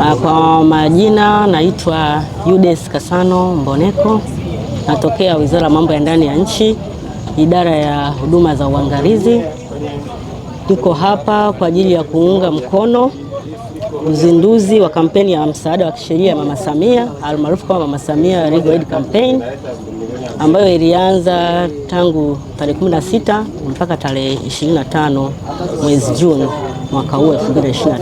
Ah, kwa majina naitwa Yudes Kasano Mboneko, natokea Wizara ya Mambo ya Ndani ya Nchi, idara ya huduma za uangalizi. Tuko hapa kwa ajili ya kuunga mkono uzinduzi wa kampeni ya msaada wa kisheria ya Mama Samia almaarufu kama Mama Samia Legal Aid Campaign ambayo ilianza tangu tarehe 16 mpaka tarehe 25 mwezi Juni mwaka huu 2025.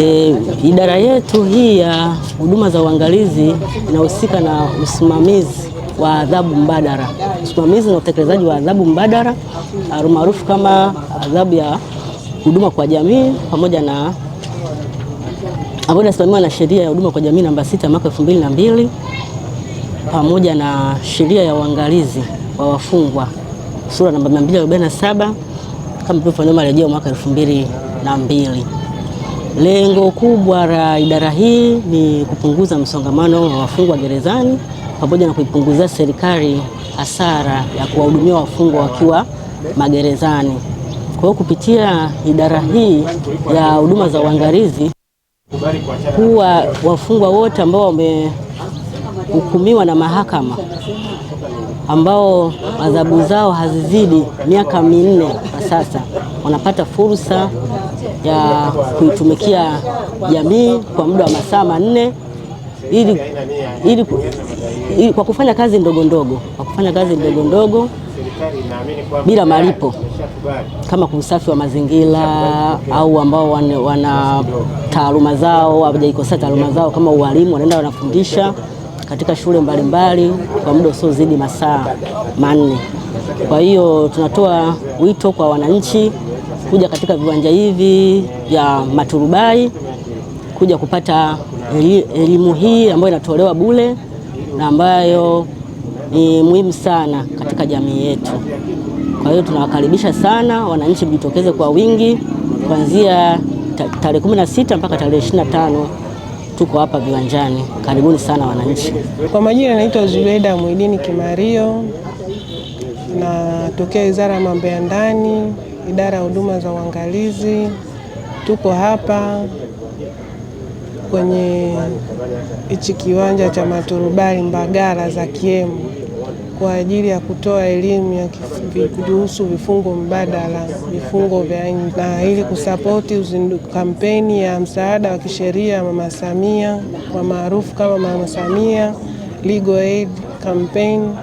Eh, idara yetu hii ya huduma za uangalizi inahusika na usimamizi wa adhabu mbadala, usimamizi na utekelezaji wa adhabu mbadala almaarufu kama adhabu ya huduma kwa jamii pamoja na ambayo inasimamiwa na sheria ya huduma kwa jamii namba sita mwaka elfu mbili na mbili pamoja na sheria ya uangalizi wa wafungwa sura namba 247 kama tulivyofanya marejeo mwaka elfu mbili na mbili. Lengo kubwa la idara hii ni kupunguza msongamano wa wafungwa gerezani pamoja na kuipunguzia serikali hasara ya kuwahudumia wafungwa wakiwa magerezani. Kwa hiyo kupitia idara hii ya huduma za uangalizi, huwa wafungwa wote ambao wamehukumiwa na mahakama ambao adhabu zao hazizidi miaka minne kwa sasa, wanapata fursa ya kuitumikia jamii kwa muda wa masaa manne ili, ili, ili, kwa kufanya kazi ndogo ndogo kwa kufanya kazi ndogo ndogo bila malipo kama usafi wa mazingira au ambao wana, wana taaluma zao hawajaikosa taaluma zao kama ualimu, wanaenda wanafundisha katika shule mbalimbali kwa muda usiozidi masaa manne. Kwa hiyo tunatoa wito kwa wananchi kuja katika viwanja hivi vya maturubai kuja kupata elimu hii ambayo inatolewa bure na ambayo ni muhimu sana katika jamii yetu. Kwa hiyo tunawakaribisha sana wananchi, mjitokeze kwa wingi kuanzia tarehe 16 mpaka tarehe 25 tuko hapa viwanjani. Karibuni sana wananchi. Kwa majina naitwa zubeda Mwidini Kimario, natokea Wizara ya Mambo ya Ndani, Idara ya Huduma za Uangalizi. Tuko hapa kwenye hichi kiwanja cha maturubali Mbagala za Kiemu kwa ajili ya kutoa elimu ya kuhusu vifungo mbadala, vifungo vya na ili kusapoti kampeni ya msaada wa kisheria Mama Samia kwa maarufu kama Mama Samia Legal Aid Campaign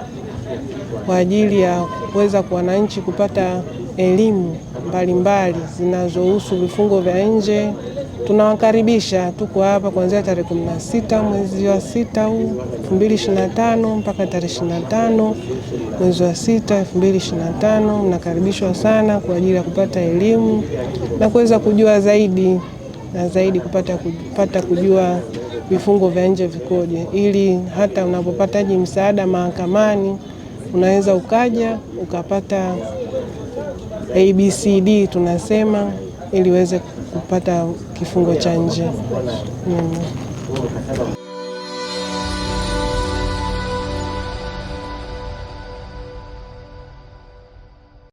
kwa ajili ya kuweza kwa wananchi kupata elimu mbalimbali zinazohusu vifungo vya nje Tunawakaribisha, tuko hapa kuanzia tarehe 16 mwezi wa sita huu 2025 mpaka tarehe 25 mwezi wa sita 2025. Mnakaribishwa sana kwa ajili ya kupata elimu na kuweza kujua zaidi na zaidi, kupata kupata kujua vifungo vya nje vikoje, ili hata unapopataji msaada mahakamani unaweza ukaja ukapata ABCD tunasema, ili uweze kupata kifungo cha nje mm.